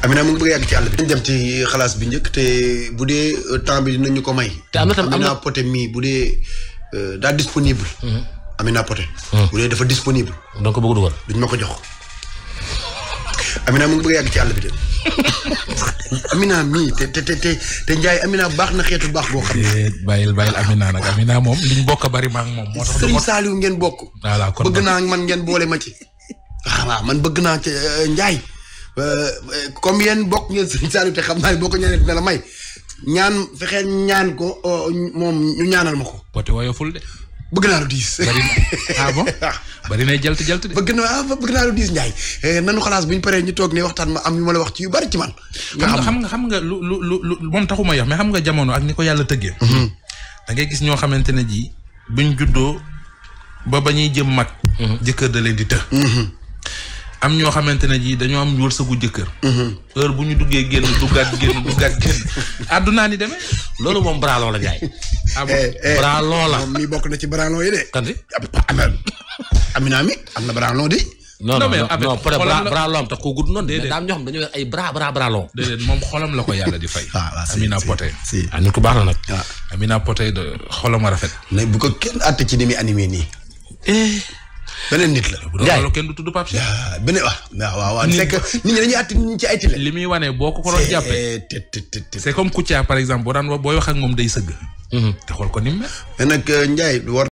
Amina mu ngi bëgg a yàgg ci àll bi. dem ci xalaas bi njëkk te euh, bu dee euh, temps bi dinañu ko may. te am na tam Amina Poté mii bu dee euh, daa disponible. Mhm. Amina Poté. Mhm. bu dee dafa disponible. donc bëgg dugal. duñ ma ko jox. Amina mu ngi bëgg a yàgg ci àll bi de. Amina mii te te te te Ndiaye Amina baax na xeetu baax boo xam ne. Eh, bàyyil bàyyil Amina nag Amina moom liñ bokk bari ma ak moom. moo tax Serigne Saliou ngeen bokk. voilà kon bëgg naa man ngeen boole ma ci. waaw man bëgg naa ci Ndiaye. Euh, euh, comme yéen bokk ngeen Serigne Saliou te xam naa ne boo ko ñaanee dina la may ñaan fexee ñaan ko oh, moom ñu ñaanal ma ko. woote woyoful de. bëgg naa lu diis. bari na ah bon bari jalt jalt de. bëgg naa ah, bëgg naa lu diis Ndiaye eh, nanu xalaas bu ñu paree ñu toog ne waxtaan ma am yu ma la wax ci yu bari ci man. nga xam nga xam nga lu lu lu moom taxuma yox mais xam nga jamono ak ni ko yàlla tëggee. Mhm. da ngay gis ñoo xamante ne jii buñ juddoo ba ba ñuy jëm mag. Mhm. jëkkër da leen di të. Mhm. am ñoo xamantene ji dañu am wërsëgu jëkkër. Mhm. heure bu ñu duggee génn genn génn duggaat génn àddunaa ni démé lolu mom braaloo la jaay. ah bon eh, eh. braaloo la moom mii bokk na ci braaloo yi dé kan di amina mi am na braaloo di. non non non braaloo am tax koo gudd noonu. déedéet mais daam ñoo xam dañu ay bra bra dé dé mom xolam la ko yalla di fay. Ah, ah, amina poté ani ah, ku baax na nak amina poté de xolam rafet. né bu ko kenn àtte ci ni muy animé eh beneen nit la. Ndiaye loolu kenn du tudd Pape ah, beneen waaw waaw nit ñi dañuy àtt nit ci ay tile. li muy wane boo ko ko doon c'est comme Kouthia par exemple boo daan booy wax sëgg. Mm-hmm. te xool ko ni mu mel. mais nag euh,